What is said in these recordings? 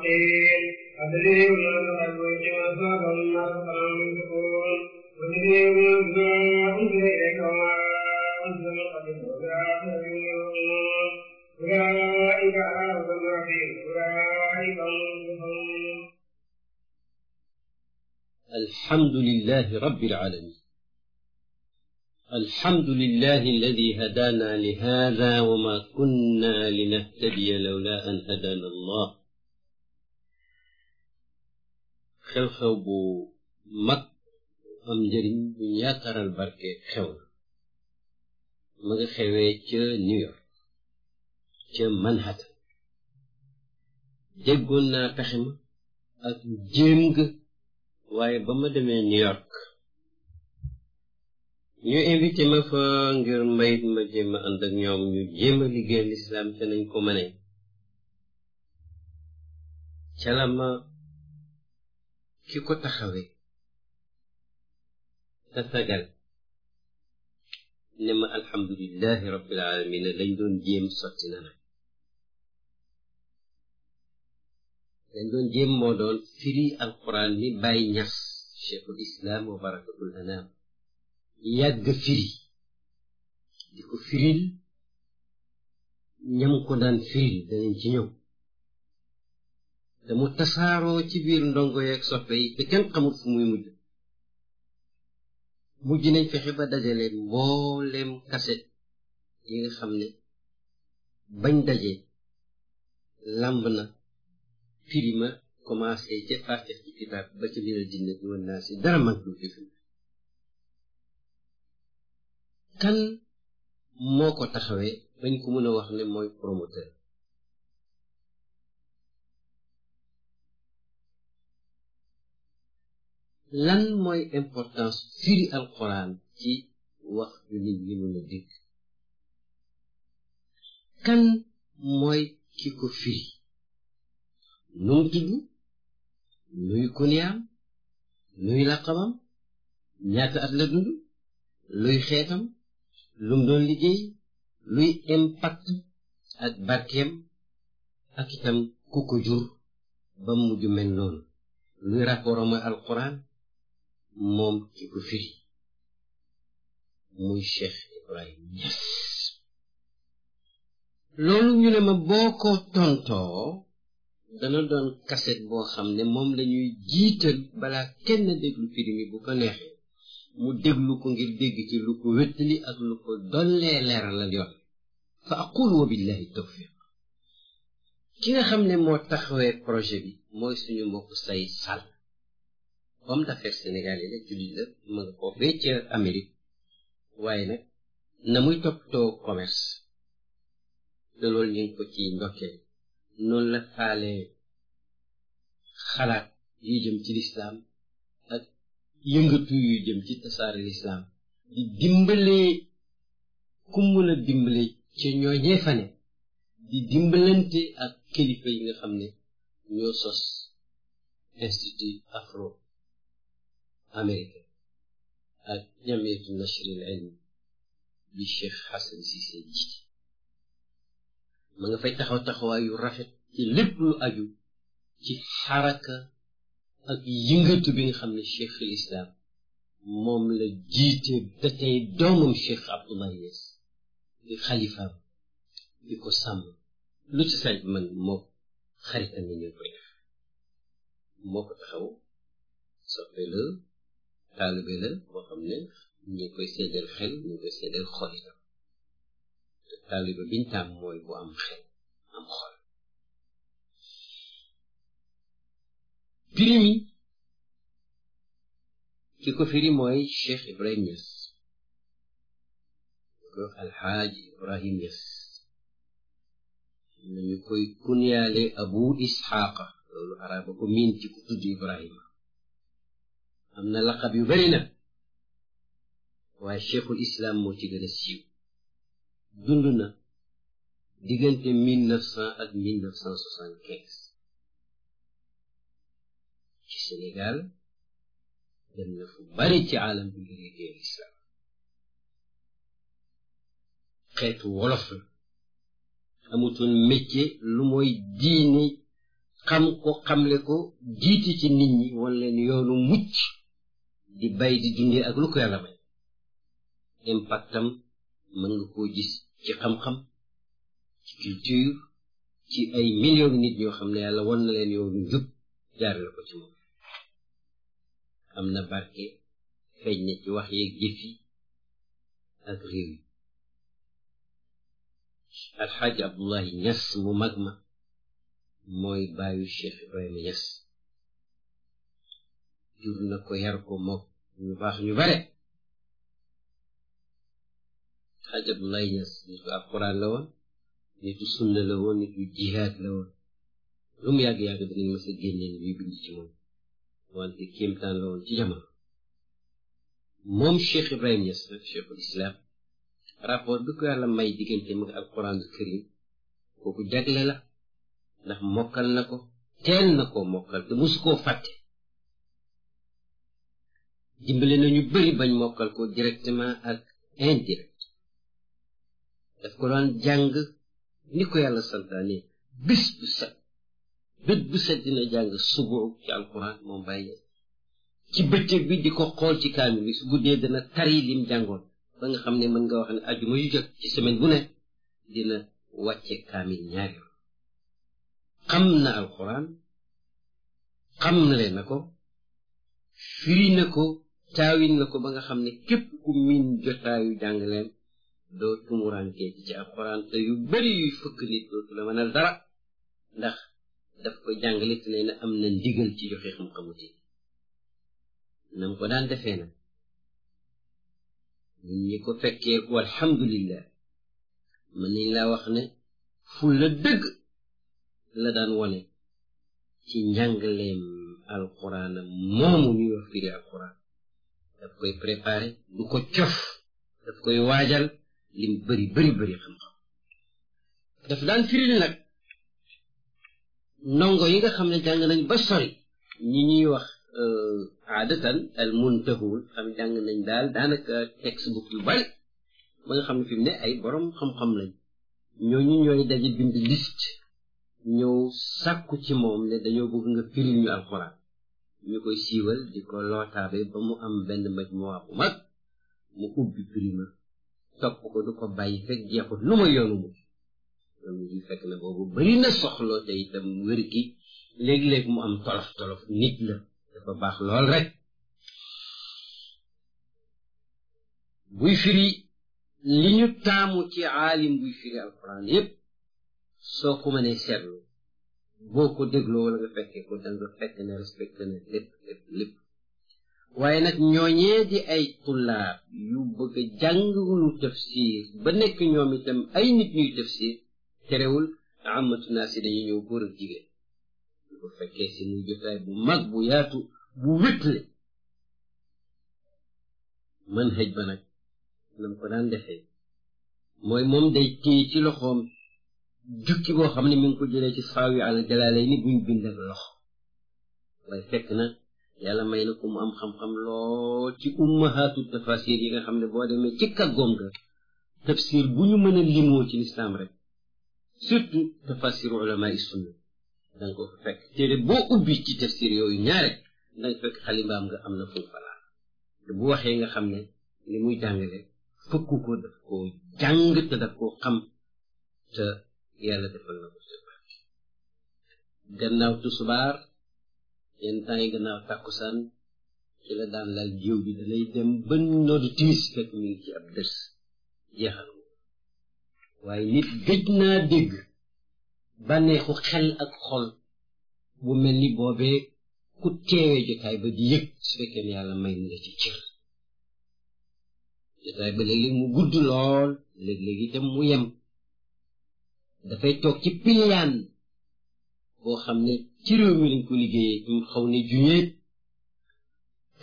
الرحيم أدرينا تزوج وأسباب الناس فلم ينفقون وأدرينا بما أنزل إليك وما أنزل من قبلك أولئك الذين يؤمنون أولئك على هدى ربهم أولئك هم المفلحون الحمد لله رب العالمين الحمد لله الذي هدانا لهذا وما كنا لنهتدي لولا أن هدانا الله xew-xew bu mag am njëriñ buñ yaakaaral barke xew na ma nga xewee ca New York ca Manhattan déggoon naa pexe ak jéem nga waaye ba ma demee New York ñu invité fa ngir mbayit ma jéem a ak ñoom ñu jéem liggéey lislaam te nañ ko ma ki ko taxawee te sagal ne ma alhamdulilahi rabbil alamina lañ doon jéem sotti na nag dañ doon jéem moo doon firi alquran ni bàyyi ñas cheikhul islam wa yàgg firi di ko firil ñam ko daan firil danañ ci ñëw te mu tasaaroo ci biir ndongo yeeg soppe yi te kenn xamul fu muy mujj mujj nañ fexe ba dajale mbooleem kaset yi nga xam ne bañ daje lamb na firima commencé ca fàtte ci ba ca biir jinne bi naa si dara mag kan moo ko taxawee bañ ko mën a wax ne mooy promoteur lan mooy importance firi alquran ci wax ju nit ñi mën a dégg kan moy ki ko firi nu mu tudd nuy kuniyaam nuy laqabam ñaata at la dund luy xeetam lum doon luy impact ak barkeem ak itam ku ko jur ba mujj mel noonu luy rapport am mooy alquran moom ki ko firi muy Cheikh Ibrahim Niass loolu ñu ne ma boo ko tontoo dana doon kaset boo xam ne moom lañuy jiital bala kenn déglu firi mi bu ko neexee mu déglu ko ngir dégg ci lu ko wéttali ak lu ko dollee leeralal yoon fa aqul wa billahi tawfiq ki nga xam ne moo taxawee projet bi mooy suñu mbokk say sàll homme d'affaires sénégalais la jullit la ma nga foofee Amérique waaye nag na muy commerce te loolu ñu ngi ko ci ndokkee noonu la faale xalaat yu jëm ci lislaam ak yëngatu yu di dimbalee ku mun a dimbale ca di dimbalante ak kilifa nga xam ne ñoo sos institut afro américain ak jamiatu nashril ilm bi Cheikh Hassan Cissé jiite ma nga fay taxaw taxawaayu rafet ci lépp lu aju ci xaraka ak yëngatu bi nga xam ne Cheikhul Islam moom la jiite ba tey doomam Cheikh Abdoulaye Niass di xalifaam di ko sàmm lu ci sañ man moo xaritam yi koy def moo taxaw soppe la taalibe la boo xam ne ñu koy seedeel xel ñu koy seedeel xol itam te taalibe biñ mooy bu am xel am xol pirimi ki ko firi mooy Cheikh Ibrahim Niass koy wax alxaaji abu isxaaqa loolu araaba ko miin ci ku tudd Ibrahima am na laqab yu bari nag waaye cheikhul islam moo ci gën a siiw dund na diggante ak ci Sénégal dem na fu bari ci alam bi ngir liggéeyal islam xeetu wolof la amutoon métier lu mooy diini xam ko xamle ko jiiti ci nit ñi wala yoonu mucc di bay di dundee ak lu ko yàlla may impactam mën nga koo gis ci xam-xam ci culture ci ay millions nit ñoo xam ne yàlla wan na leen yow njub jaarale ko ci moom am na barke feeñ na ci wax yeeg jëf ak réew yi alxaaji abdullahi ñas mu mag ma mooy baayu cheikh ibrahima ñas jur na ko yar ko mook ñu baax ñu bare xaj Abdoulaye Niass nitu alquran la woon nitu sunna la woon nitu jihaad la woon lu yàgg-yàgg dinañ mës a génne ni ñuy bind ci moom wante kéemtaan la woon ci jamono moom Cheikh Ibrahim Niass nag cheikhul rapport bi ko yàlla may diggante mag alquranul karim kooku jagle la ndax mokkal na ko teel na koo mokkal te koo fàtte dimbale nañu bari bañ mokkal ko directement ak indirect daf ko doon ni ko yàlla santaane bis bu set bët bu set dina jàng suba ci alquran moom bàyyi ci bëccëg bi di ko xool ci kaamil bi su guddee dana tari lim jàngoon nga xam ne mën nga wax ne ajuma yu jot ci semaine bu ne dina wàcce kaamil ñaari xam na alquran xam na ko firi ko taawil na ko ba nga xam ne képp ku miin jotaayu jàngaleem doo tumuraankee ci alxuraan te yu bari yuy fëkk nit dootu la mënal dara ndax daf ko jàngale te nee na am na ndigal ci joxe xam-xamu nam ko daan defee na ñun ñi ko fekkee walhamdulillah mën nañ laa wax ne fu la la daan wone ci njàngaleem alxuraanam moomu ñuy wax firi alxuraan daf koy préparer du ko cof daf koy waajal lim bëri bëri bëri xam-xam daf daan firil nag ndongo yi nga xam ne jàng nañ ba sori ñi ñuy wax euh, aadatan al muntahul xam jàng nañ daal daanaka textbook yu bari ba nga xam ne fi ne ay boroom xam-xam lañ ñooñu ñooy daje bind liste ñëw sàkku ci moom ne dañoo bëgg nga firil ñu alxuraan ñu koy siiwal di ko lootaabe ba mu am benn maj mu ubbi prima topp ko du ko bàyyi fekk jeexut lu ma yoonu mu loolu fekk na boobu bari na itam wér gi léeg-léeg mu am tolof tolof nit la dafa baax lool rek buy firi li ñu taamu ci aalim buy firi alquran yépp soo ko mënee seetlu boo ko dégloo wala nga fekkee ko danga fekk ne respecté na lépp lépp lépp waaye nag ñooñee di ay tullaab yu bëgg a jàngulu tafsir ba nekk ñoom itam ay nit ñuy tafsir terewul amatu naa si ñëw góor ak jigéen ñu ko fekkee si muy jotaay bu mag bu yaatu bu wétle mën xëj ba nag nam ko daan defee mooy moom day téye ci loxoom jukki boo xam ne mi ngi ko jëlee ci saaw yi àll ni buñ bind ak lox waaye fekk na yàlla may na ko am xam-xam lool ci ummahaatu tafasir yi nga xam ne boo demee ci kàggoom ga tafsir bu ñu mën a limoo ci lislaam rek surtout tafasiru ulama ubbi ci tafsir yooyu ñaare danga fekk xalimbaam nga am na fu falaa te bu waxee nga xam ne li muy jàngale fëkku ko daf koo jàng te daf koo xam te yàlla defal na ko sëbbaat gannaaw tusubaar yenn gannaaw tàkkusaan ci daan laal jiw bi dalay dem ba noddu timis fekk mi ci ab dërs jeexal waaye nit gëj naa dégg bànneexu xel ak xol bu mel ni boobee ku teewee jotaay ba di yëg su fekkee ne yàlla may na ci cër jotaay ba léeg-léeg mu gudd lool léeg-léeg itam mu yem dafay toog ci pilyaan boo xam ne ci réew mi lañ ko xaw ne juñee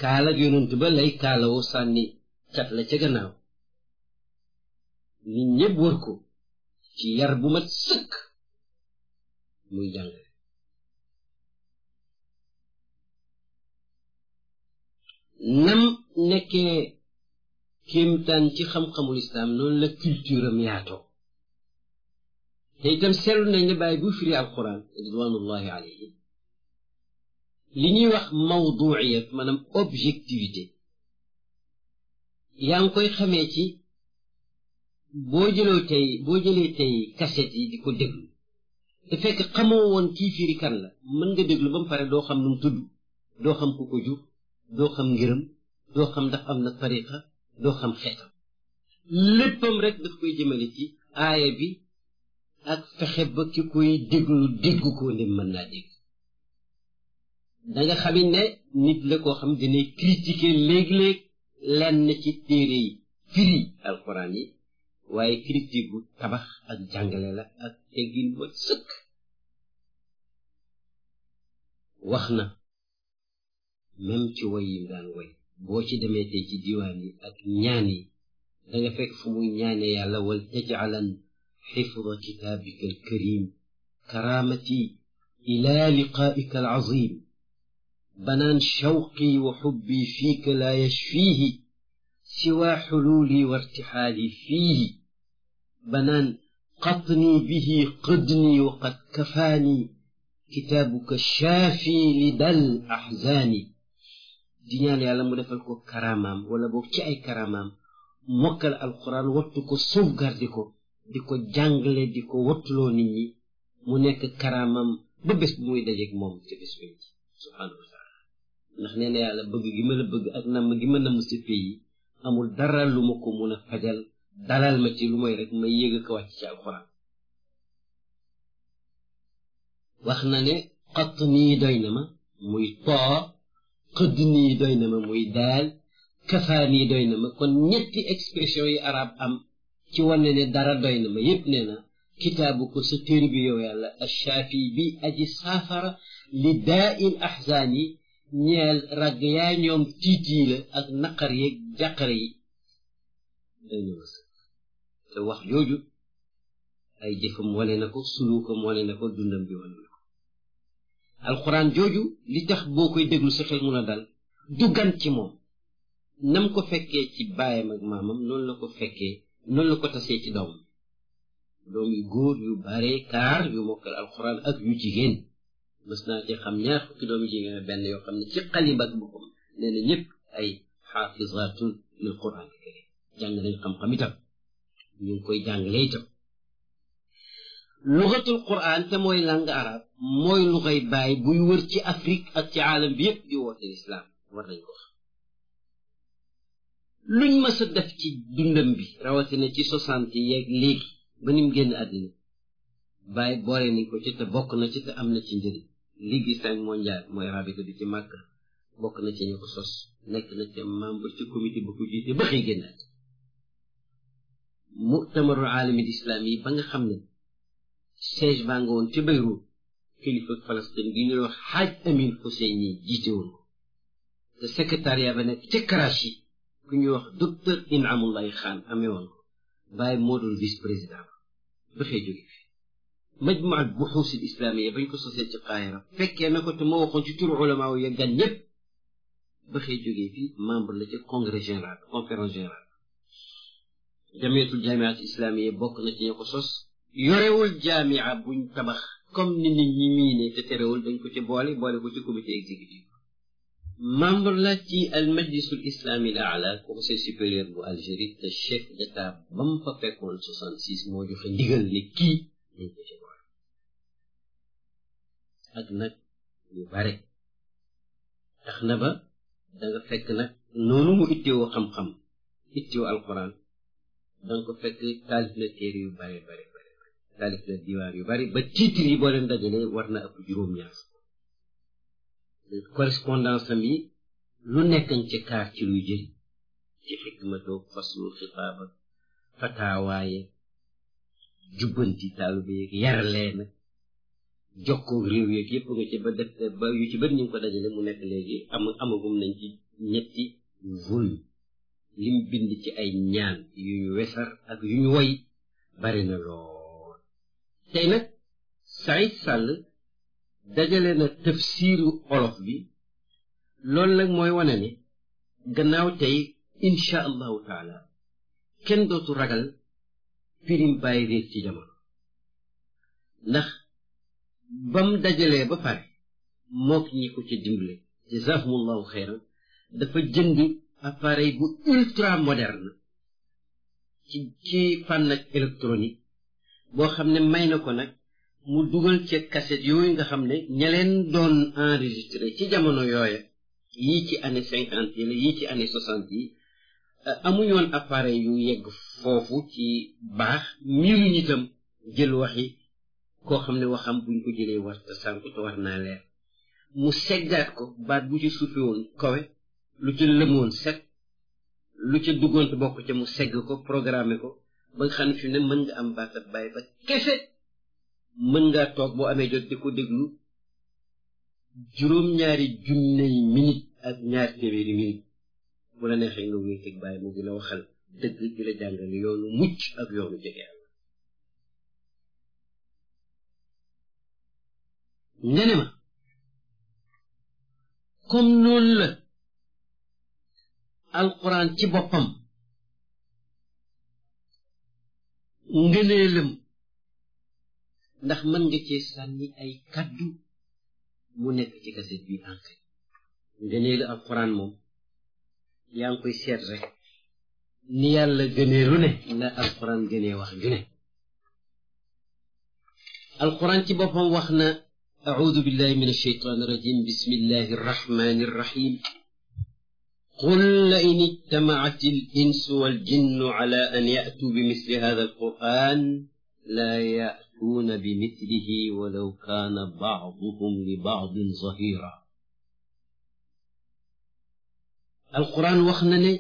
kaala yonent ba lay kaalawu sànni cat la ca gannaaw nit ñëpp ko ci yar bu mat sëkk muy jàngale nam nekkee kéemtaan ci xam-xamul islaam noonu la culture am yaatoo te itam seetlu nañ ne bàyyi bu firi alquran ridwanullahi alayhi li ñuy wax mawduiya maanaam objectivité yaa ngi koy xamee ci boo jëloo tey boo jëlee tey kaset yi di ko déglu te fekk xamoo woon kii firi kan la mën nga déglu ba mu pare doo xam nu mu tudd doo xam ku ko doo xam ngërëm doo xam ndax am na tariqa doo xam xeetam léppam rek daf koy jëmale ci aaya bi ak fexe ba ki koy déglu dégg ko ne mën naa dégg da nga ne nit la koo xam dina critiquer léeg-léeg lenn ci téere yi firi alxuraan yi waaye critique bu tabax ak jàngale la ak teggin ba sëkk wax na même ci woy yi daan woy boo ci demee tey ci diwaan yi ak ñaan yi da fekk fu muy ñaane yàlla wal tajaalan حفظ كتابك الكريم كرامتي إلى لقائك العظيم بنان شوقي وحبي فيك لا يشفيه سوى حلولي وارتحالي فيه بنان قطني به قدني وقد كفاني كتابك الشافي لدل أحزاني di ñaan yàlla mu defal ko karaamaam wala boog ci ay karaamaam mokkal alquran wattu ko sauvegarde ko di ko jàngale di ko wattuloo nit mu nekk karaamam ba bés bu muy dajeeg moom ci bés bi subhaanahu wa ndax nee na yàlla bëgg gi ma la bëgg ak namm gi ma namm si pays amul dara lu ma ko mun a fajal dalal ma ci lu mooy rek may yëg ko wàcc ci alxuraan wax na ne xott nii doy na ma muy too xëdd nii doy na ma muy daal kafaa nii doy na ma kon ñetti expression yi arab am ci wane ne dara doy na ma yépp nee na kitaabu ko sa téere bi yow yàlla bi aji saafara li daa il ahzaan yi ñeel ragg yaa ñoom tiit yi la ak naqar yeeg jàqare yi doy wax jooju ay jëfam wane na ko suluukam wane na ko dundam bi wane na ko alxuraan jooju li tax boo koy déglu sa xel mun a dal du gan ci moom nam ko fekkee ci baayam ak maamam noonu la ko fekkee noonu la ko tasee ci doom doom yu góor yu bare kaar yu mokkal alxuraan ak yu jigéen mës naa ci xam ñaar fukki doom yu jigéen benn yoo xam ne ci xalibak boppam nee na ñëpp ay xaafisatun lil quraan karim jàng nañ xam-xam itam ñu ngi koy jàngale itam luxatul quraan te mooy langue arabe mooy luxay baay buy wër ci Afrique ak ci aalam bi yëpp di woote lislaam war nañ ko wax luñ mës a def ci dundam bi rawatina ci soixante yi léegi ba ni génn àddina bàyyi boole nañ ci te bokk na ci te am na ci njëriñ ligue islamique mondiale mooy rabita bi ci Makka bokk na ci ñu ko sos nekk na ca membre ci comité bu ko jiite ba xëy génn àddina mutamaru alamil islam yi ba nga xam ne siège baa nga woon ca Beyrouth kilifa Palestine gi ñuy wax Haj Amin Hussein yi jiite woon ko te ba nekk ca Karachi ku ñu wax docteur Inamullahi Xaan amee woon ko bàyyi moo doon vice président ba fee jóge fi majmaa buxuus al islaamiya bañ ko sosee ci Qaahira fekkee na ko te moo waxoon ci turu la ca congrès général conférence générale jamiatul bokk na ci ñu ko sos yorewul jaamia buñ tabax comme ni nit ñi miine te terewul dañ ko ci boole boole membre la ci al majlisul islaamil ala conseil supérieur bu Algérie te chef d'état ba fa fekkoon 66 moo joxe ndigal ne kii dañ ko ci ak nag ñu bare tax na ba da fekk nag noonu mu ittewoo xam-xam ittewoo alquran da nga fekk taalif na téere yu bare bare bare yu bari ba titre yi boo leen dajalee war na juróom-ñaar correspondance am yi lu nekkañ ca kaar ci luy jëriñ ci xikma toog faslul xitaaba fatawaaye jubbanti taalibe yeeg yar jokkoo réew yeeg yëpp yu ci bëri ñu ngi ko dajale mu nekk léegi am amagum nañ ci ñetti volume lim bind ci ay ñaan yu ñu wesar ak yu ñu woy bari na lool tey nag Saïd Sall dajale na tafsiiru olof bi loolu nag mooy wane ne gannaaw tey incha allahu taala kenn dootu ragal firim bàyyi réer ci jamono ndax bam dajalee ba pare mook ñi ko ci dimbale jazakumullahu xeyran dafa jënd appareil bu ultra moderne ci ci fànn ak boo xam ne may na ko nag mu dugal ci kaset yooyu nga xam ne ña leen doon enregistré ci jamono yooya yii ci année cinquante yi la yii ci année soixante yi euh, amuñu woon appareil yu yegg foofu ci baax miiruñ itam jël waxi koo xam ne waxam buñ ko jëlee war te sànk war naa leer mu seggaat ko baat bu ci suufe woon kawe lu ca lëmoon set lu ca duggoon te bokk ca mu segg ko programmé ko ba nga xam mën nga am baatab bàyyi ba kese mën nga toog boo amee jot di ko juróom-ñaari junney minute ak ñaar téeméeri minute bu la neexee nga wéy teg bàyyi mu di waxal dëgg di la yoonu mucc ak yoonu jege yàlla nene ma comme noonu la alquran ci boppam ngëneelam ndax mën nga cee sànni ay kaddu mu nekk ci kaset bi encre ngëneelu alquran moom yaa ngi koy seet rek ni yàlla gënee lu ne la alquran gënee wax ju ne alquran ci boppam wax na audu billahi min alsheytan irrajim bismillahi arrahmani irrahim qul la in ijtamacat alinsu waljinnu ala an yaatuu bimisli hada alquran la ya يأتون بمثله ولو كان بعضهم لبعض ظهيرا القرآن وخنا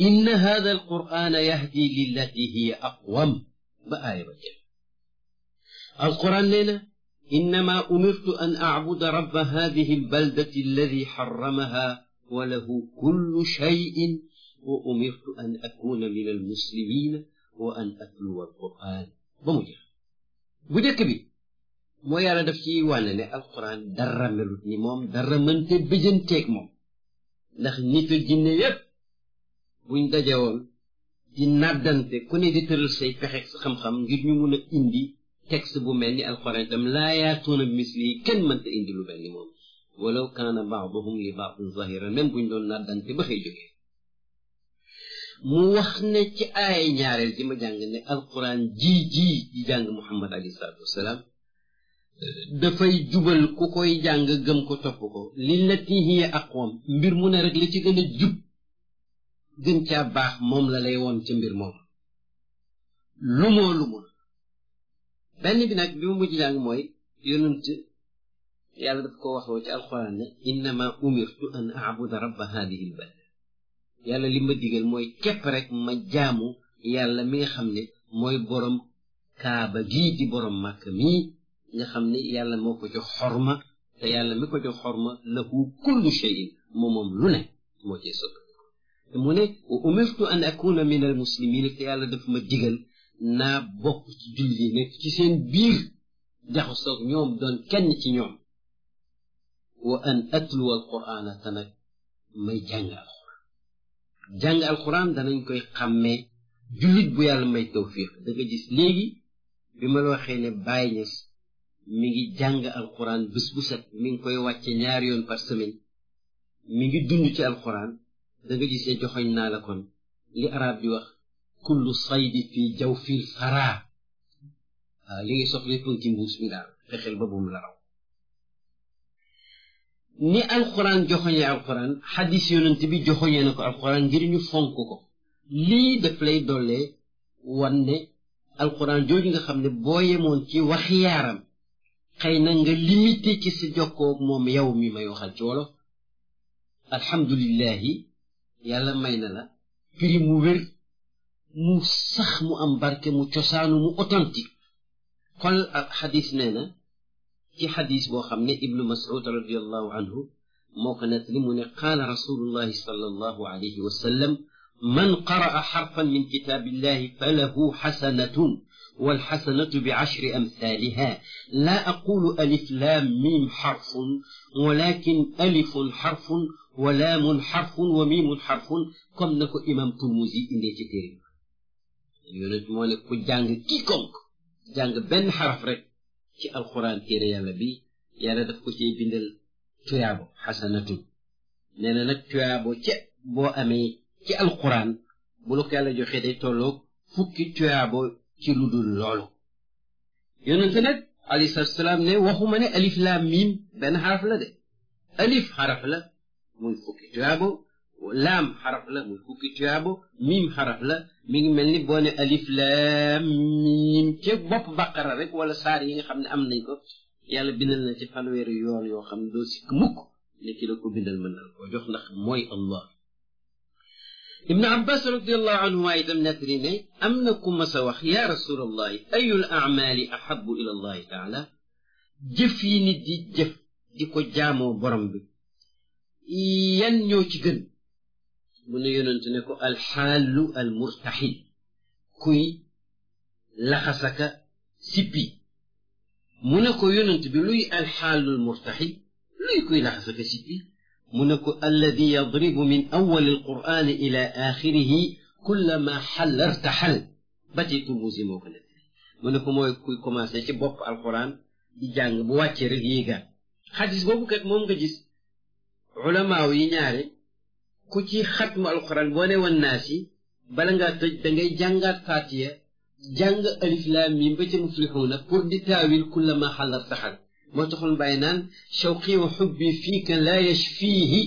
إن هذا القرآن يهدي للتي هي أقوم بآية وجل القرآن لنا إنما أمرت أن أعبد رب هذه البلدة الذي حرمها وله كل شيء وأمرت أن أكون من المسلمين wa an atluwa alquran ba mu jeex bu njëkk bi mooy yàlla def ci wànne ne alquran dara melut ni moom dara mënte bëjanteeg moom ndax nit ak jinne yépp buñ dajewoon di nàddante ku ne di tëral say pexeeg sa xam-xam ngir ñumu mun indi texte bu mel ni alquran itam laa bi misli kenn mënta indi lu mel moom walaw kaana baaduhum li baadin zahiran même buñ doon nàddante ba xëy jógee mu wax ne ci aay ñaareel ji ma jàng ne alquran ji ji di jàng muhammad alayhi salaatu wasalaam dafay jubal ku koy jàng gëm ko topp ko lillati hiya aqwam mbir mu ne rek li ci gën a jub gën caa baax moom la lay woon ci mbir moom lumoo lumoo benn bi nag bi ma mujj jàng mooy yonent yàlla daf ko waxoo ci alquran ne innama umirtu an abuda rabba hadihi al yàlla li ma digal mooy képp rek ma jaamu yàlla mi nga xam ne mooy borom kaaba gii di borom màkk mii nga xam ne yàlla moo ko jox xorma te yàlla mi ko jox xorma lahu kullu shay'in moom moom lu ne moo cee sëpp mu ne wa umirtu an akuna min al muslimin yàlla daf ma digal naa bokk ci julli nekk ci seen biir jaxasoog ñoom doon kenn ci ñoom wa an atluwa al qur'ana te nag may jàngal jàng alxuraan danañ koy xàmmee jullit bu yàlla may tawfiq da gis léegi bi ma la waxee ne Baye Niass mi ngi jàng alxuraan bés bu set mi ngi koy wàcce ñaari yoon par semaine mi ngi dund ci alxuraan da nga gis ne joxoñ naa la kon li arab di wax kullu saydi fi jawfil fara waaw li ngay soxla yëpp ci mbuus mi daal fexeel ba bu mu ni alxuraan joxoñe alxuraan xadis yonent bi joxoñe na ko alxuraan ngir ñu fonk ko lii daf lay dollee wan ne alxuraan jooju nga xam ne boo yemoon ci wax yaaram xëy na nga limité ci sa jokkoo moom yow mi may waxal ci wolof alhamdulillahi yàlla may na la prix mu wér mu sax mu am barke mu cosaanu mu authentique kon xadis nee na ci xadis boo xam ne ibnu mas'ud radiallahu anhu moo ko nett li mu ne qaala rasulullahi sallallahu alayhi wa sallam man qaraa xarfan min kitaabillahi falahu xasanatun والحسنة بعشر أمثالها لا أقول ألف لام ميم حرف ولكن ألف حرف ولام حرف وميم حرف كم نكو إمام ترمزي إني جتيري يونت مولك كو جانج كيكونك جانج بن حرف رك ci alxuraan téere yàlla bi yàlla daf ko cee bindal tuyaabo xasanatun nee na tuyaabo ca boo amee ci alxuraan bu la yàlla joxee day tolloog fukki tuyaabo ci lu dul loolu yonent nag alayhi salaam ne waxuma ne alif laam miim benn xaraf la de alif xaraf muy fukki tuyaabo laam xaraf la muy fukki tuyaabo miim xaraf la mi ngi mel ni boo ne alif laam bopp bàqara rek wala saar yi nga xam ne am nañ ko yàlla bindal na ci fanweeri yoon yoo xam ne doo sikk mukk ne ki la ko bindal mën na ko jox allah ibnu abbas radiallahu anhu ku mas wax yaa taala jëf yi nit di jëf di ko jaamoo borom bi yan ñoo ci gën mu ne yonent ne ko alxaalu almurtaxil kuy laxasaka sippi mu ne ko yonent bi luy alxaalu almurtaxil luy kuy laxasaka sippi mu ne ko al yadribu min awali yi ila axirihi kullama xalla ko nekk mu ne ko mooy kuy commencé ci bopp alquran yi jàng bu wàccee rek yéegaat xadis boobu kat moom nga gis ulamaaw yi ñaare ku ci xatmu alquran boo ne woon naas yi bala ngaa tëj da ngay jàngaat faatiya jàng alif laam miim ba ca muflixuuna pour di taawil kulla ma xalar saxal moo taxoon bàyyi naan shawqi wa xubbi fiika laa yashfiihi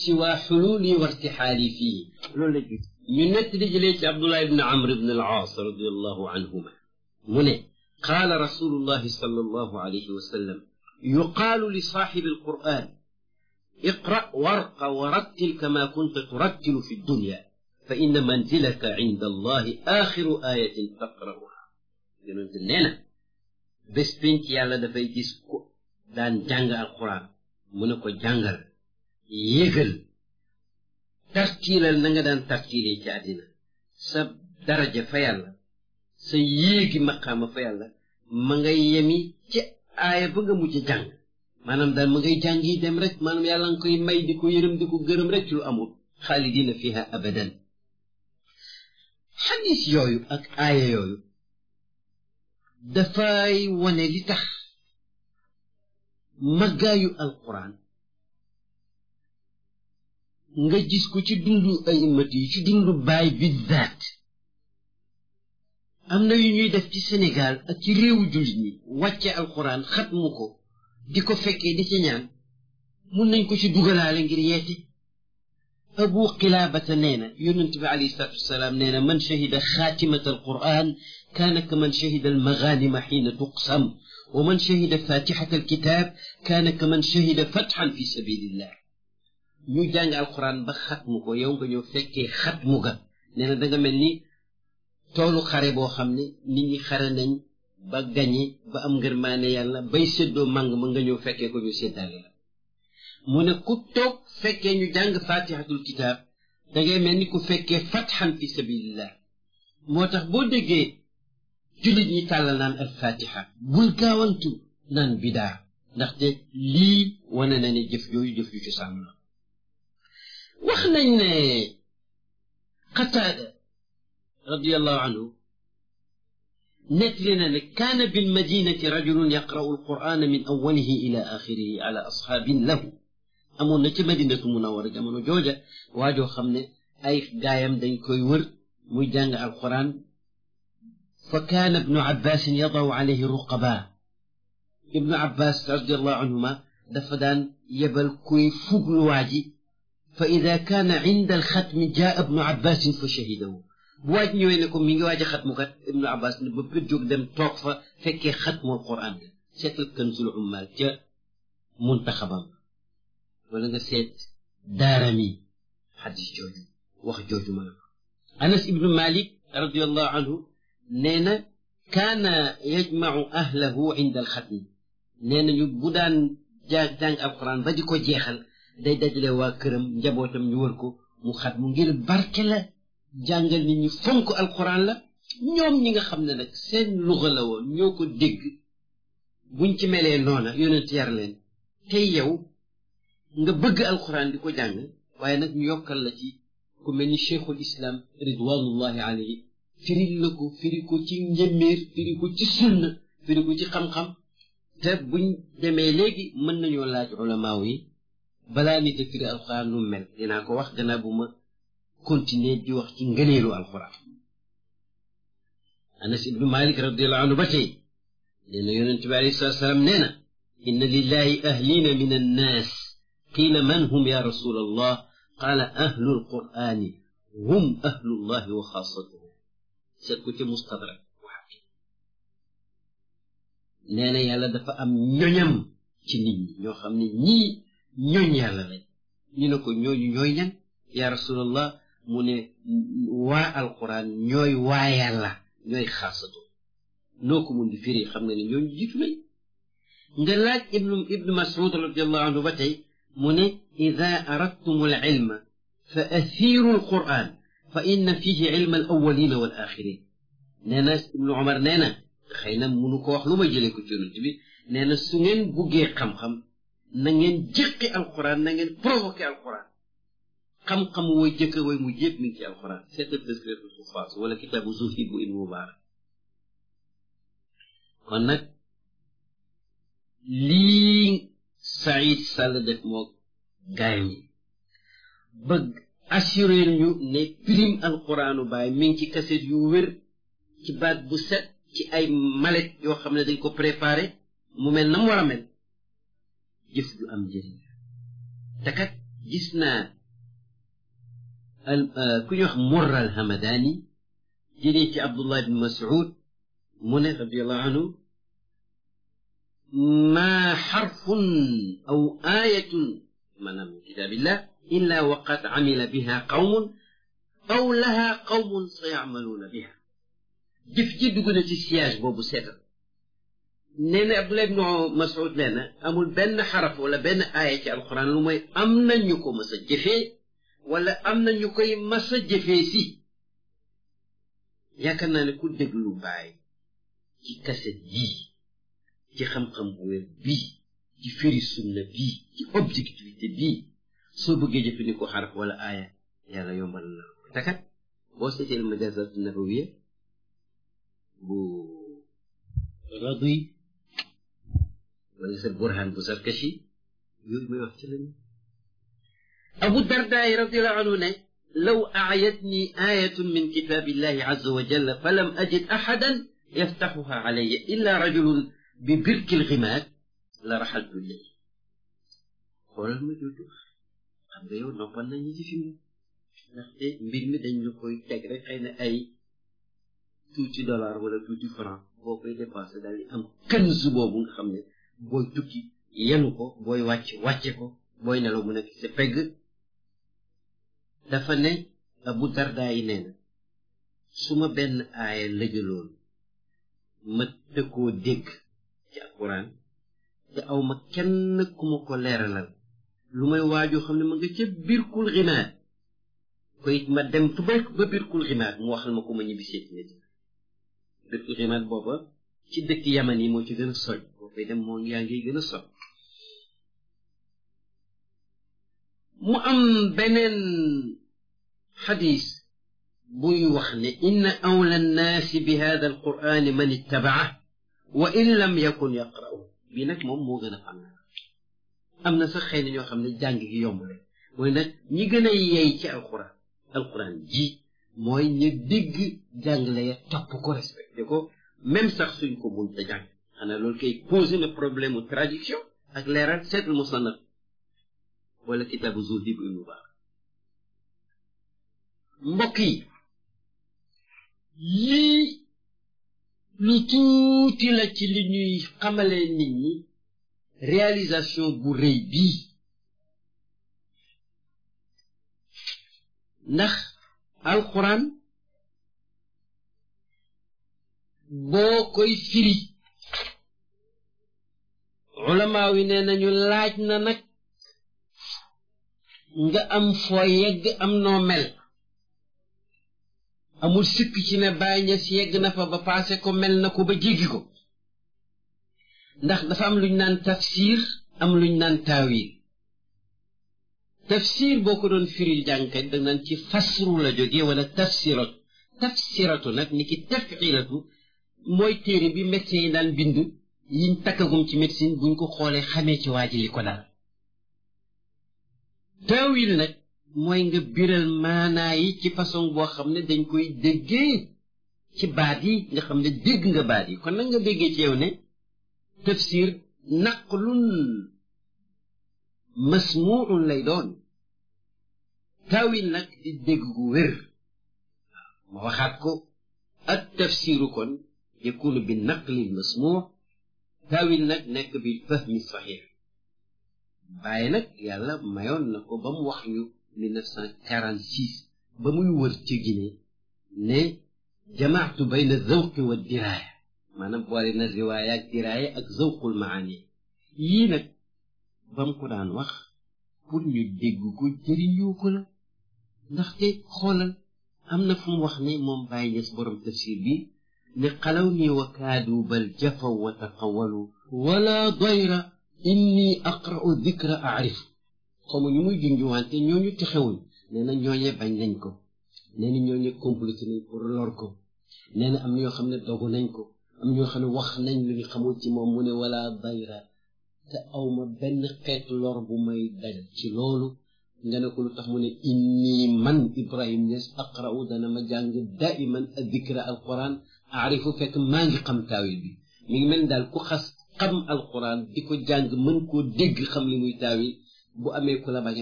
siwa xuluuli wa irtixaali fii loolu la jut ñu nett di jëlee ci abdullah ibn amr ibn al aas radiallahu anhuma mu ne qaala rasulullahi sallallahu alayhi wa sallam yuqaalu li saaxibi alquran اقرأ وارقى ورتل كما كنت ترتل في الدنيا فإن منزلك عند الله آخر آية تقرأها yonent nee na bés pénc yàlla dafay gis ku daan jàng alquran mu ne ko jàngal yégal tartiilal na nga daan tartiile ci àddina sa daraja fa yàlla sa yéegi maqaama fa yàlla ma nga yemi ci aaya ba nga mujj jàng maanaam daal ma ngay jàngi dem rek maanaam yàlla nga koy may di ko yërëm di ko gërëm rek ci lu amul xaalidina fiha abadan xadis yooyu ak aaya yooyu dafay wane li tax màggaayu alquran nga gis ko ci dundu aimat yi ci dundu baay bi zaat am na yu ñuy def ci Sénégal ak ci réewu jullit ñi wàcce alquran xatmu di ko fekkee di ci ñaan mun nañ ko ci dugalaale ngir yeete abu xilaabata nee na yonent bi na man shahida xaatimata alquran kaana ka man shahida almaganima xiina tuqsam wa man shahida fatixata alkitab kaana ka man shahida fatxan fi sabilillah ñu jàng alquran ba xatmu ko yow nga ñëw fekkee xatmu ga nee na ni toolu xare boo xam ne nit ñi xare nañ ba gañi ba am ngërmaane yàlla bay séddoo màng ma nga ñëw fekkee ko ñu séddaale la mu ne ku toog fekkee ñu jàng fatihatul kitaab da ngay mel ni ku fekkee fatxan fi sabilillah moo tax boo déggee jullit ñi tàllal naan al fatiha bul gaawantu naan bidaa ndaxte lii wane na ne jëf yooyu jëf yu cosaan la radiallahu anhu nettali na ne kaana bil madinati rajulun yaqra'u alqur'ana min awwalihi ila axirihi ala asxaabin lahu amoon na ci madinatu munawara jamono jooja waajoo xam ne ay gaayam dañ koy wër muy jàng alquran fa kaana ibnu abbasin yadaw alayhi ruqaba ibnu abbas radiallahu anhuma dafa daan yebal kuy fuglu waaji fa ida kaana inda alxatmi jaa ibnu abbasin fa shahidahu bu waaj ñëwee ne ko mi ngi waaj a xatmu kat ibnu abbas ne ba pët dem toog fa fekkee xatmul quran bi u kanzul ummal ca muntaxabam wala nga seet daarami xadis jooju wax jooju ma la anas ibnu malik radiallahu anhu nee na kaana yajmacu ahlahu inda alxatmi daan jaa jàng alquran ba di ko jeexal day dajale waa këram njabootam ñu wër ko mu xat mu ngir barke jàngal nit ñi fonk alquran la ñoom ñi nga xam ne nag seen luxa la woon ñoo ko dégg buñ ci melee noona yonent yar leen tey yow nga bëgg alquran di ko jàng waaye nag ñu yokkal la ci ku mel ni islam ridwanullahi alayhi firil la ko ci njëmmeer firi ko ci sunna firi ci xam-xam te buñ demee léegi mën nañoo laaj ulamaaw yi balaa nit a firi alquran lu mel dinaa ko wax gannaaw bu ma continuer di wax ci ngëneelu alxuraan anas ibnu malik radiallahu anhu ba tey nee na yonent bi alayhi salatu salaam nee na inna lillahi ahlina min annaas qiila man hum ya rasul allah qaala ahlu alqur'ani hum ahlullahi wa xaasatuhu seet ko ca mustadrak nee na yàlla dafa am ñoñam ci nit ñi ñoo xam ne ñii ñooñ yàlla lañ ñu ne ko ñooñu ñooy ñan ya rasulallah mu ne waa alquran ñooy waa yàlla ñooy xaasatu noo ko mun di firi xam nga ne ñooñu jiitu nañ nga laaj ibnu ibnu mas'ud ba tey mu ne ida aradtum al ilma fa asiiru al quran fihi ilma al awalina wal axirin nee na ibnu omar xëy na munu ko wax lu ma jëlee ko ci yonent bi nee na su ngeen buggee xam-xam na ngeen jëqi alquran na ngeen provoqué alquran xam-xam wooy jëkk wooy mu yëpp mi ngi ci alxuraan seetal tazkiratul xuffaas wala kitaabu zuhhibu in mubaarak kon nag lii Saïd Sall def moo gaayam yi bëgg assuré ñu ne prime alxuraanu baay mi ngi ci kaset yu wér ci baat bu set ci ay malet yoo xam ne dañ ko préparé mu mel na mu war jëf ju am njëriñ te gis naa E, ku ñuy wax Murra al Hamadani jëlee ci Abdullah ibn Mas'ud mu ne radiyallahu anhu maa xarfun aw aayatun maanaam min kitaabillah illa wa qad amila biha qawmun aw laha qawmun sa yacmaluuna biha jëf ji dugg na ci siège boobu seetal nee na Abdullah ibn Mas'ud nee na amul benn xaraf wala benn aaya ci alquran lu mooy am nañu ko mës a jëfee wala am na ñu koy mas a jëfee si yaakaar naa ne ku déglu baay ci kaset yii ci xam-xam bu wér bii ci firi sunna bii ci objectivité bii soo bëggee jëfandikoo xaraf wala aaya yàlla yombal na takat boo seetee majaazat nabawiya bu Radwi wala sa burhan bu Zarkashi yooyu may wax ci lañu abu dardaay radiallahu anhu ne law aayatni aayatun min kitaabillahi azza wa jalla fa lam ajid axadan yaftaxuha alaya illa rajulun bi birkil ximaad la raxaltu ilayhi xoolal ma jooju xam nga yow noppal nañu ci fi mu ndaxte mbir mi dañ ñu koy teg rek xëy na ay tuuti dollar wala tuuti franc boo koy dépensé daal di am kenn su boobu nga xam ne booy tukki yenu ko booy wàcc wàcce ko booy nelaw mu nekk sa pegg dafa ne bu Darda yi nee na su ma benn aaya lëjaloon ma tëkkoo dégg ci alquran te aw kenn ku ko leeralal lu may waajoo xam ne ma nga ca biir kul ximaat ko ma dem ba biir ximaat mu waxal ma ko ma ñibbisee ci nit biir kul ximaat booba ci dëkk yaman yi moo ci gën a soj boo dem moo yaa ngi gën a mu am beneen xadis buy wax ne inna awla nnaasi bi hada alqurani man ittabaa nag moom moo gën a fànn am na sax xëy na ñoo xam ne jàng gi yomb rek mooy nag ñi gën a yey ci alquran alquran ji mooy ñu digg jàngale ya topp ko respecté ko même sax suñ ko mun te jàng xanaa loolu kay posé na problème mu traduction ak leeral seetlu musannaf wala kitaabu Zu Hibl Mubaarak mbokk yi lii lu tuuti la ci li ñuy xamale nit réalisation bu rëy bii ndax alxuraan boo koy firi ulama wi nee nañu laaj na nag nga am foo yegg am noo mel amul sikk ci ne Baay Ñas yegg na fa ba paase ko mel na ko ba jéggi ko ndax dafa am luñ naan tafsir am luñ naan taawil tafsir boo ko doon firil jànkat da naan ci fasru la jóge wala tafsiratu tafsiratu nag ni ki tafilatu mooy bi médecin yi daan bindu yiñ takkagum ci médecine buñ ko xoolee xamee ci waa ji ko daal taawil nag mooy nga biral maanaa yi ci façon boo xam ne dañ koy déggee ci baat yi nga xam ne dégg nga baat yi kon nag nga déggee ci yow ne tafsir naqlun masmuun lay doon taawil nag di dégg gu waxaat ko ak tafsiru kon yakunu bi naqli masmuu taawil nag nekk bi fahmi saxiix waaye nag yàlla mayoon na ko ba mu wax ñu 1946 ba muy wër ci Guinée ne jamaatu bayna zawqi wa diraaya maanaam boole na riwaaya ak diraaya ak zawqul maani yii nag ba mu ko daan wax pour ñu dégg ko jëriñoo ko la ndaxte xoolal am na fu mu wax ne moom Baye Niass borom tafsir bi ne xalaw nii wa kaadu bal jafaw wa taqawalu wala doyra inni aqra'u dhikra a'rif xawma ñu muy junj wante ñooñu texewuñ nee na ñooñee bañ nañ ko nee na ñooñee comploté nañ pour lor ko nee na am na ñoo xam ne dogu nañ ko am ñoo xam ne wax nañ lu ñu xamul ci moom mu ne wala bayra te awma benn xeetu lor bu may daj ci loolu nga ne ko lu tax mu ne inni man Ibrahim Niass aqra'u dana ma jàng daiman adikra alquran arifu fekk maa ngi xam taawil bi mi ngi mel daal ku xas xam alquran di ko jàng mën koo dégg xam li muy taawi bu amee ku la bañ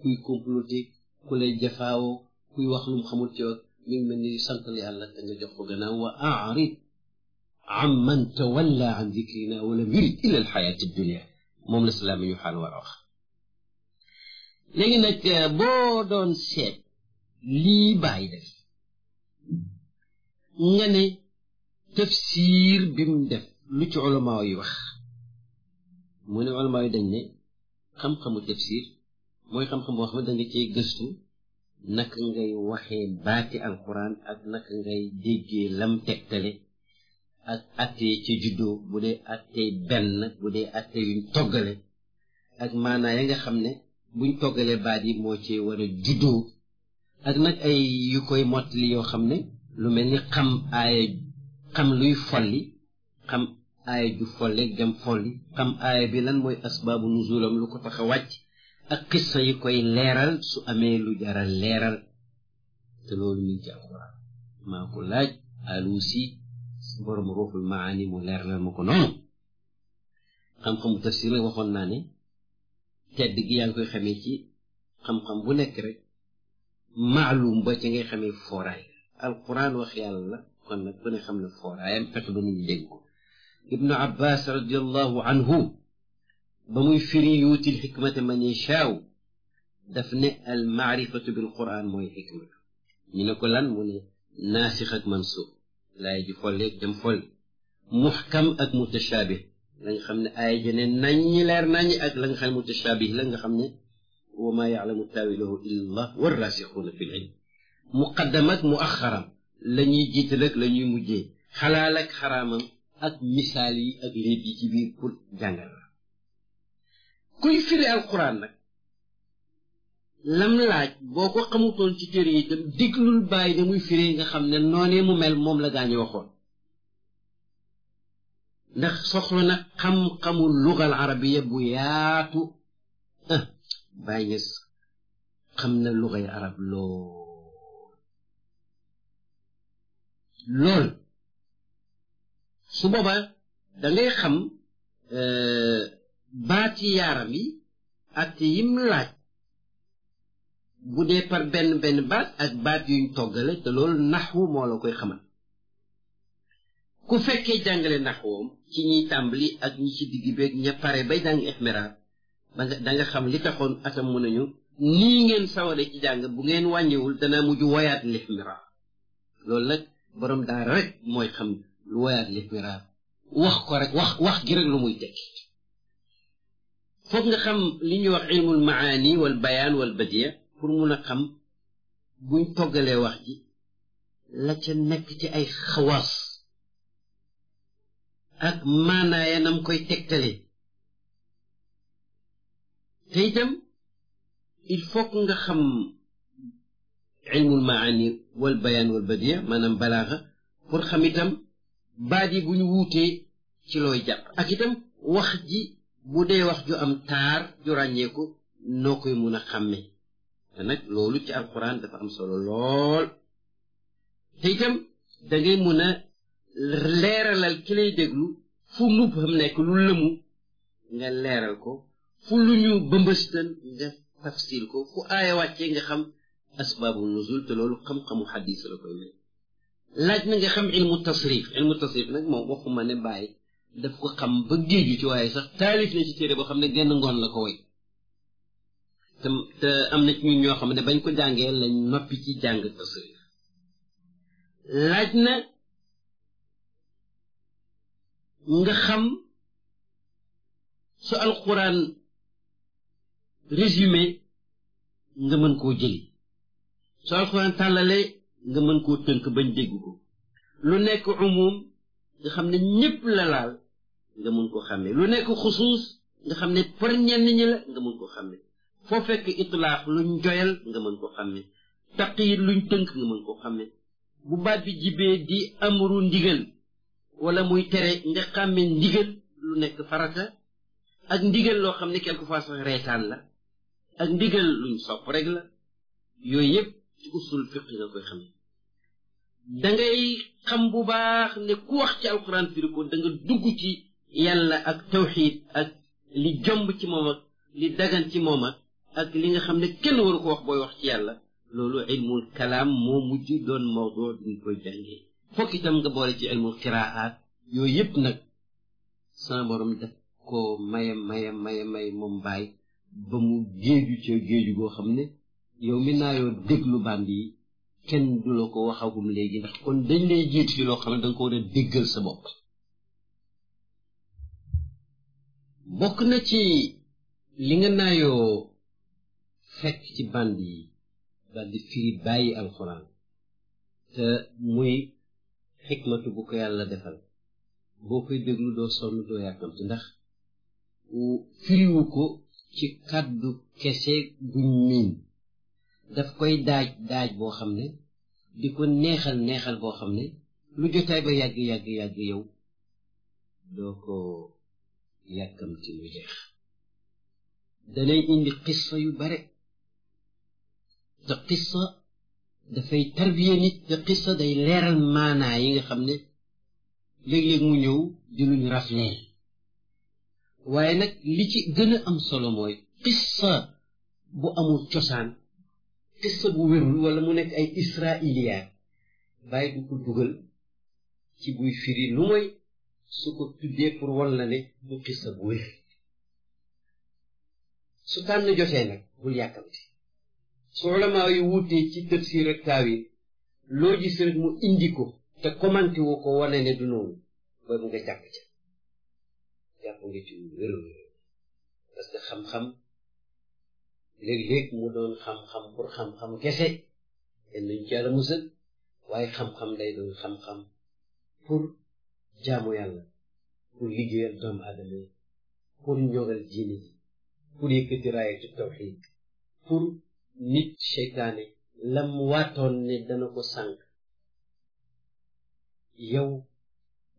kuy comploté ku lay jafaawoo kuy wax lu mu xamul ci wax mi ngi mel ni santal yàlla te jox ko wa a'rid an man tawalla an dikrina wa lam yurid a euh, boo doon seet lii bàyyi nga ne tafsiir bi mu def lu ci ulama yi wax mu ne ulama yi dañ ne xam-xamu tafsir mooy xam-xam boo xam ne da gëstu naka ngay waxee baati alquran ak naka ngay déggee lam tegtale ak atte ci juddoo bu dee atte benn bu dee atte yuñ toggale ak maanaa ya nga xam ne buñ toggalee baat yi moo ci war juddoo ak nag ay yu koy li yoo xam ne lu mel ni xam aaya xam luy folli xam aaya ju folleeg jam folli xam aaya bi lan mooy asbaabu nuzulam lu ko tax a wàcc ak yi koy leeral su amee lu jaral leeral te loolu ñu ngi alxuraan maa laaj aluusi borom ruuxul maani mu leeralal ma ko noonu xam waxoon naa ne tedd gi yaa koy xam bu nekk rek maalum ba ci ngay xamee fooraay alquran wax yàlla la kon nag ku ne xam ne fooraayam fexe ba mu dégg ko ibnu abbas radiallahu anhu ba muy firi yuutil xikmata man yashaaw daf ne al maarifatu bil quran mooy xikma ñu ne ko lan mu ne naasix ak mansuux laay ji folleeg dem folli muxkam ak mutashaabih la nga xam ne aaya jene naññ leer naññ ak la nga xam ne mutashaabih la nga xam ne wa maa yaclamu taawilahu illa allah warraasixuuna fi l ilm muqaddam ak mu axaram la ñuy jiital ak la ñuy mujjee xalaal ak xaraamam ak misaal yi ak léeb yi pour jàngal la kuy firi alquran nag lam laaj boo ko xamutoon ci téere yi itam déglul bàyyi ne muy nga xam ne noonee mu mel moom la gaañu waxoon ndax soxla na xam-xamu lugal arabiya bu yaatu ah bàyyi ñes xam na lugay arab lool lool su boobaa da ngay xam euh, baati yaaram yi at yim laaj bu dee par benn benn baat ak baat yuñ toggale te lool nax moo la koy xamal ku fekkee jàngale naxwoom ci ñiy tàmbali ak ñi ci digg beeg ña pare bay jàng ixmira da nga da xam li taxoon atam mën nañu nii ngeen saware ci jàng bu ngeen wàññiwul dana mujj woyaat lixmira loolu nag boroom daara rek mooy xam luwaay ak lépp miraab wax ko rek wax wax gi rek lu muy tekki foog nga xam li ñuy wax ilmul maani wal bayaan wal badiya pour mun a xam buñ toggalee wax ji la ca nekk ci ay xawaas ak maanaaya nam koy tegtale te itam il faut nga xam ilmul maani wal bayaan wal badiya maanaam balaaxa pour xam baat yi bu ñu wuutee ci looy jàpp ak itam wax ji bu dee wax ju am taar ju ràññeeku noo koy mun a xàmme te nag loolu ci alquran dafa am solo lool te itam da mun a leeralal ki lay déglu fu mubham nekk lu lëmu nga leeral ko fu lu ñu bëmbëstan nga tafsil ko fu aaya wàccee nga xam asbaabu nuzul loolu xam-xamu xadis la koy laaj na nga xam ilmu tasrif ilmu tasrif nag moom waxuma ne bàyyi daf ko xam ba géeju ci waaye sax taalif na boo xam ne genn ngoon la ko na ci xam ne bañ ko jàngee lañ noppi ci jàng na nga xam su alquran résumé nga mën koo jëli su alquran tàllale nga mën ko tënk bañ dégg lu nekk umum nga xam ne ñépp la laal nga mën ko xàmme lu nekk xusuus nga xam ne par ñenn ñi la nga mën ko xàmme foo fekk itlaax luñ joyal nga mën ko xàmme taqyid luñ tënk nga bu baat bi jibee di amru ndigal wala muy tere nga xàmme ndigal lu nekk farata ak ndigal loo xam ne quelque façon reetaan la ak ndigal luñ sopp rek la yooyu yëpp ci usul fiq nga koy xam da xam bu baax ne ku wax ci alquran firi ko da dugg ci yàlla ak tawxid ak li jomb ci moom li dagan ci moom ak li nga xam ne kenn waru ko wax booy wax ci yàlla loolu ilmul kalaam moo mujj doon mawdu duñ koy jàngee fokk itam nga boole ci ilmul qiraat yooyu yëpp nag sama borom daf ko maye maye maye moom bàyyi ba mu géeju ca géeju goo xam ne yow mi naayoo déglu band yi kenn du la léegi ndax kon dañ lay jiitu ci loo xam ne ko war déggal sa bopp bokk na ci li nga naayoo fekk ci band yi daal firi bàyyi alxuraan te muy xikmatu bu ko yàlla defal boo koy déglu doo sonn doo yàkkamti ndax firiwu ko ci kàddu kese guñ miin daf koy daaj daaj boo xam ne di ko neexal neexal boo xam ne lu jotaay ba yàgg yàgg yàgg yow doo ko yàkkamti mu jeex danay indi xissa yu bare te xissa dafay tarbiye nit te xissa day leeral maanaa yi nga xam ne léeg-léeg mu ñëw di luñ rafleel waaye nag li ci gën a am solo mooy xissa bu amul cosaan qissa bu wérul wala mu nekk ay israélien bàyyi du ko dugal ci buy firi lu su ko tuddee pour won la ne du bu wér su tànn jotee nag bul yàkkamti su ulamaa yu wuutee ci tafsir ak taawil loo gis rek mu indi ko te commenté wu du noonu ba nga jàpp ca jàpp nga ci wér parce que xam-xam léeg-léeg mu doon xam-xam pour xam-xam kese kenn duñ ci yàlla musal waaye xam-xam day doon xam-xam pour jaamu yàlla pour liggéeyal doomu aadama yi pour ñogal diine ji pour yëkkati raayatu tawxiid pour nit seytaane lam waatoon ne dana ko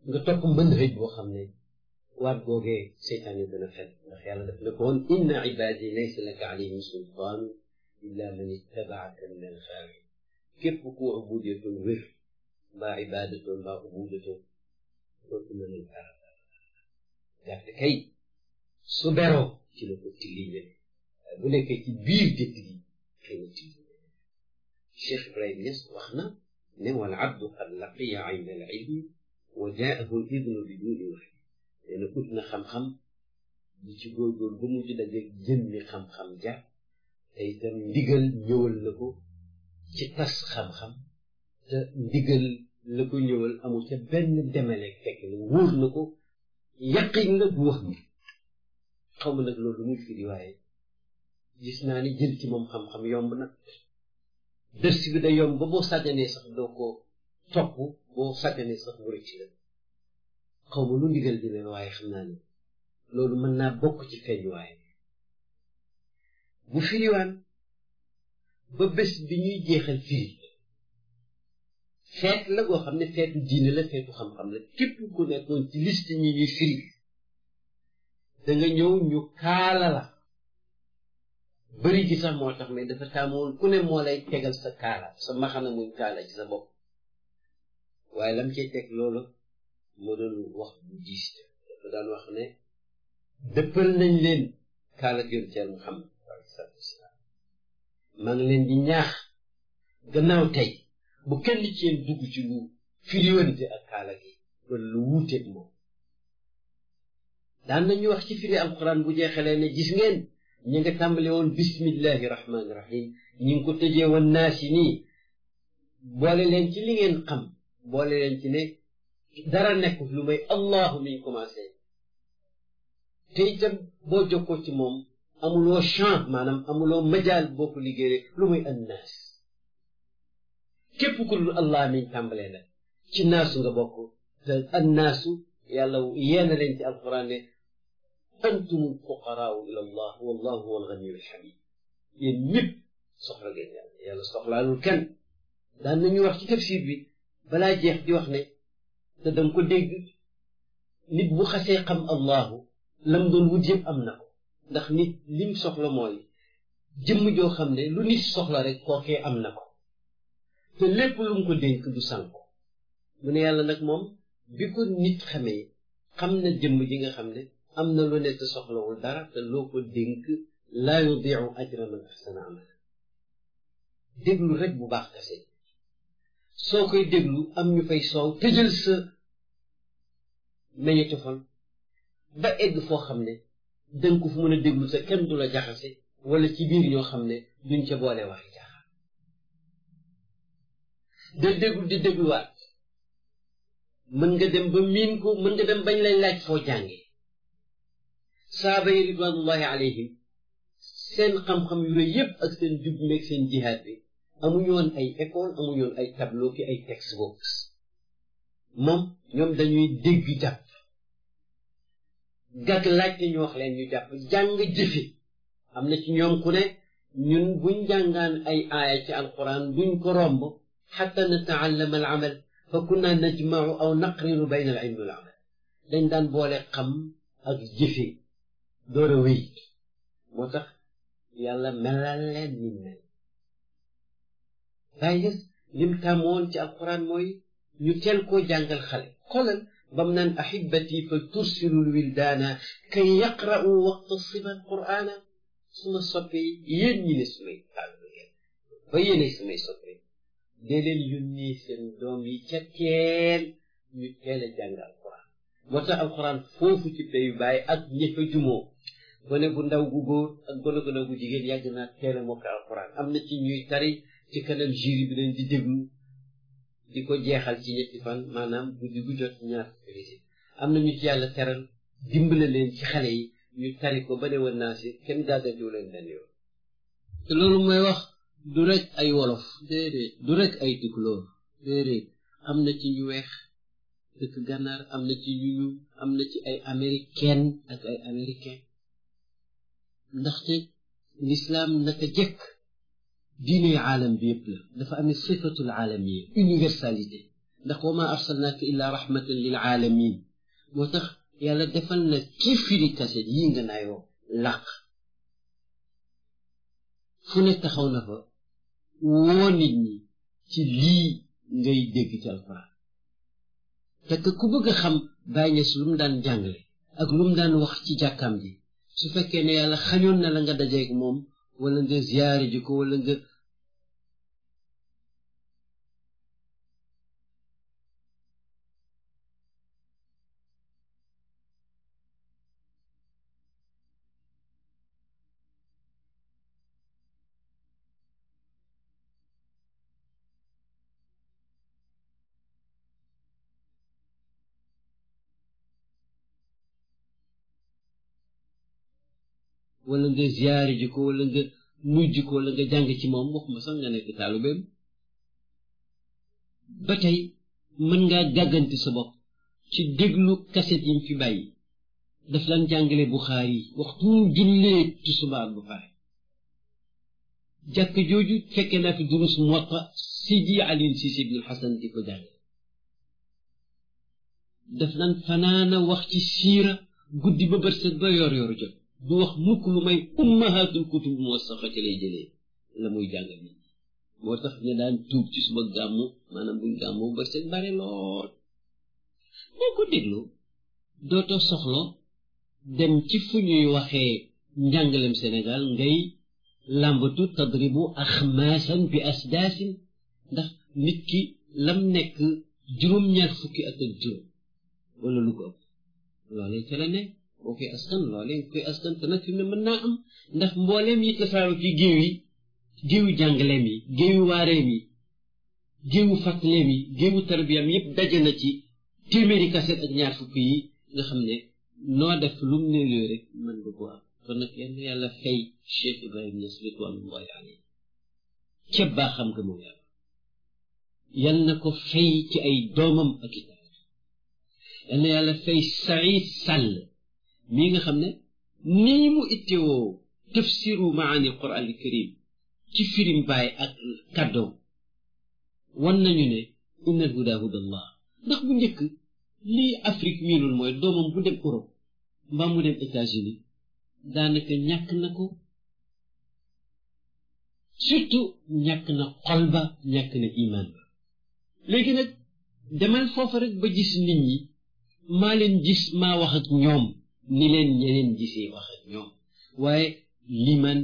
nga topp mbënd xëj boo xam ne waat googee seytaane dana fen ndax yàlla daf ne ko woon inna ibaadi laysa laka alayhim sultaan illa man ittabaaka min alxaawi képp ku ubudiyatun wér mbaa ibaadatun mbaa ubudiyatun dootu mënal dara gàtt kay su beroo ci la ko tilli ñëwee bu nekkee ci biir dëtt gi xëy na tilli ñëwee Cheikh Ibrahim Niass wax na ne wal abdu qad laqiya ayna al ilmi wa jaahu al idnu bi duuni wax dana ut na xam-xam di ci góorgóor ba mu ci dajeeg jëmmi xam-xam ja te itam ndigal ñëwal na ko ci tas xam-xam te ndigal la ko ñëwal amu ca benn demaleeg fekk na wóor na ko yaqiñ na bu wax ni xaw ma nag loolu muy firi waaye gis naa ni jël ci moom xam-xam yomb nag dërs bi da yomb boo sàgganee sax doo ko topp boo sàgganee sax mu rëcc la xaw ma nu ndigal demee waaye xam naa ne loolu mën naa bokk ci feeñuwaay bu firiwaan ba bés bi ñuy jeexal firi feet la goo xam ne feetu diine la feetu xam-xam la képp ku nekkoon ci liste ñi ñuy firi da nga ñëw ñu la bëri gi sax moo tax mais dafa taamoon ku ne moo lay tegal sa kaala sa maxana muy kaala ci sa bopp waaye lam cay teg loolu moo doon wax bu diis dafa daan wax ne dëppal nañ leen kaala gën ceel Muhammad alayhi salaatu wasalaam maa ngi leen di ñaax gannaaw tey bu kenn ci yéen dugg ci lu firiwante gi wala lu wuuteeg moom daan nañu wax ci firi alquran bu jeexalee ne gis ngeen ñi nga tàmbale woon bismillahi rahmaani rahim ñi ngi ko tëjee woon naasi nii boole leen ci li ngeen xam ci ne dara nekkul lu may allahu mi commencé te itam boo ci moom amuloo champ maanaam amuloo majaal boo ko liggéeyee lu muy annaas képp ku dul allah miñ tàmbalee nag ci naasu nga bokk te annaasu yàlla yeena leen ci alquran ne antumul fuqaraau ila allah wallahu huwa alganiyu alhamid yéen ñëpp soxla ngeen yàlla yàlla soxlaalul kenn daan nañu wax ci tafsir bi balaa di wax ne te danga ko dégg nit bu xasee xam allahu lam doon wut yëpp am na ko ndax nit lim soxla mooy jëmm joo xam ne lu nit soxla rek kookee am na ko te lépp lu mu ko dénk du sànko mu ne yàlla nag moom bi ko nit xamee xam na jëmm ji nga xam ne am na lu ne te soxlawul dara te loo ko dénk laa yudiu ajra man ahsana amala déglu rek bu baax kase soo koy déglu am ñu fay soow tëjal sa maye cofan ba egg foo xam ne danga ko fu mën a déglu te kenn jaxase wala ci biir xam ne duñ ca boole waxi da déglu di dégluwaat mën nga dem ba miin ko mën ga dem bañ lay laaj foo jàngee saaba yi alayhim seen xam-xam yu rëy yëpp ak seen jub meeg seen jihaad bi amuñu woon ay école amuñu woon ay tableau ki ay textbooks moom ñoom dañuy dégg jàpp gàtt laajte ñu wax leen ñu jàpp jàng jëfi am na ci ñoom ku ne ñun buñ jàngaan ay aaya ci alquran duñ ko romb xatta nataallama al amal fa kunna najmau aw naqrinu bayna al ilmi wal dañ daan boole xam ak jëfi door a wéy moo tax yàlla melal leen ñu mel waaye lim tàmmoon ci alquran mooy ñu teel koo jàngal xale xoolal bam naan ahibati fa tursirul wildaana kay yaqra'u waqta siban qur'aana suma soppe yéen ñi ne sumay taalibe ngeen ba yéenay sumay soppe dee leen yónni seen doom yi ca teel ñu teel a jàng alquran moo tax alquran foofu ci pay bàyyi ak ñi fa jumoo gone gu ndaw gu góor ak gone gu ndaw gu jigéen yàgg naa teel a mokk alquran am na ci ñuy tari ci kanam jury bi leen di déglu di ko jeexal ci ñetti fan maanaam guddi gu jot ñaar fukki am na ñu ci yàlla teral dimbale leen ci xale yi ñu tari ba ne woon naa si kenn gàggantiwu leen benn loolu mooy wax du rek ay wolof déedéet du rek ay tukulóor déedéet am na ci ñu weex dëkk gànnaar am na ci ñu ñuul am na ci ay américaine ak ay américain ndaxte l'islam naka jëkk diine aalam bi yëpp la dafa amee sifatul aalamiya universalité ndax wa maa arsalnaaka illaa rahmatan lil aalamin moo tax yàlla defal na kii firi yi nga naayoo làq fu ne taxaw na fa woo nit ñi ci lii ngay dégg ci alxuraan te ku bëgg a xam bàyyi ñes lu daan jàngale ak lu daan wax ci jàkkaam ji su fekkee ne yàlla xañoon na la nga dajeeg moom wala nga ziyaare ji ko wala nga wala nga ziyaare ji wala nga mujj ko wala nga jàng ci moom waxuma sax nga nekk taalibeem ba tey mën ngaa gàgganti sa bopp ci déglu kaset yi fi bàyyi daf lan jàngale Buxaari waxtu mu jullee tisbaar bu pare jàkk jooju fekkee naa fi durus Muwatta Sidi Alioune Cissé ibn Xasan di ko jàng daf lan fanaana wax ci siira guddi ba bët ba yor-yor jot du wax mukk lu may ummahatul kutub muwasaxati lay jëlee la muy jàngal nit ñi moo tax ñu daan tuub ci suba gàmmu maanaam buñ gàmmu ba seen bare lool boo ko déglu dootoo soxla dem ci fu ñuy waxee njàngalem Sénégal ngay làmbatu tadribu axmaasan bi asdaasin ndax nit ki lam nekk juróom-ñaar fukki at juróom wala lu ko ëpp loolee ca la nekk boo koy askan loolee koy askan te nag fi ne mën naa am ndax mbooleem yi tasaaroo ci géew yi géewu jàngaleem yi géewu waareem yi géewu fàttaleem yi géewu tarbiyaam yëpp daje na ci téeméeri kaset ak ñaar fukk yi nga xam ne noo def lu mu néew rek mën nga ko am kon nag yal na ko am ci ay doomam ak i yal na yàlla fay Saïd Sall mi nga xam ne nii mu ittewoo tafsiru maani quran al karim ci firim baay ak kàddoom wan nañu ne inna al huda hudallah ndax bu njëkk lii Afrique miinul mooy doomam bu dem Europe mbaa mu dem États-Unis daanaka ñàkk na ko surtout ñàkk na xol ba ñàkk na iman ba léegi nag demal foofa rek ba gis nit ñi maa leen gis maa wax ñoom ni leen ñeneen gisee wax ak ñoom waaye liman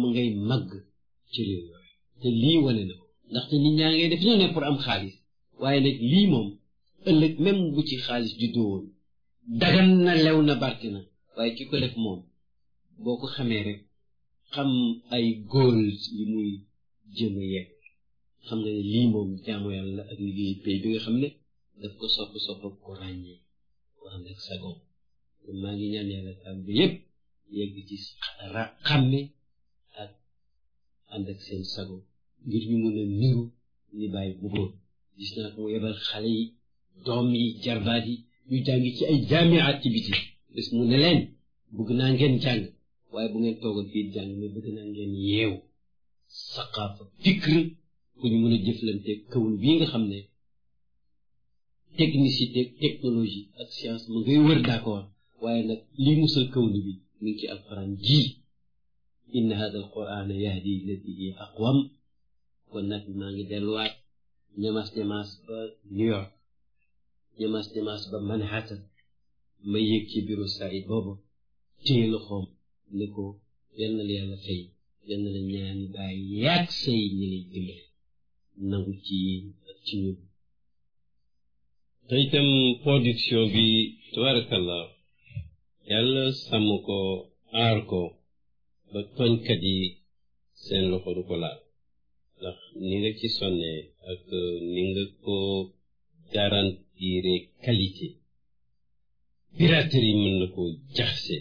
man ngay màgg ci réew yooyu te lii wane na ko ndaxte nit ñaa ngay def ñoo ne pour am xaalis waaye nag lii moom ëllëg même bu ci xaalis juddoo woon dagan na lew na barke na waaye ki ko def moom boo ko xamee rek xam ay góol li muy jëm a yegg xam ne lii moom jaamu yàlla ak liggéey pay bi nga xam ne daf ko sopp sopp ko ràññee ko ànd ak kon maa ngi ñaan yàlla taalibe yëpp yegg ci xàmme ak ànd ak seen sago ngir ñu mën a niru ni bàyyi bu góor mu yebal xale yi doom yi jarbaat yi ñu ci ay jaamiat ci biti bés mu ne leen bëgg ngeen jàng waaye bu ngeen toogal fii jàng mais bëgg naa ngeen yeew saqaafa fikr ku ñu a jëflante kawul bii nga xam ne technicité technologie ak science mu ngay wër d'accord waaye nag lii musal kawni bi mi ngi ci alquran ji inna hada alqurana yahdi lati hi aqwam kon nag maa ngi delluwaat ñamas ñamas ba New York ñamas ñamas ba Manhattan ma yëg ci biiru Saïd boobu téye loxoom ni ko yal na la yàlla fay yal na la ñaani bàyyi yaag say ñi lay dimbali nangu ci yéen ak ci ñun production bi tabarakallah yàlla sàmm ko ba tooñkat yi seen loxo du ndax ni ci sonnee ak ni nga ko garantir qualité piraterie mën na koo jaxse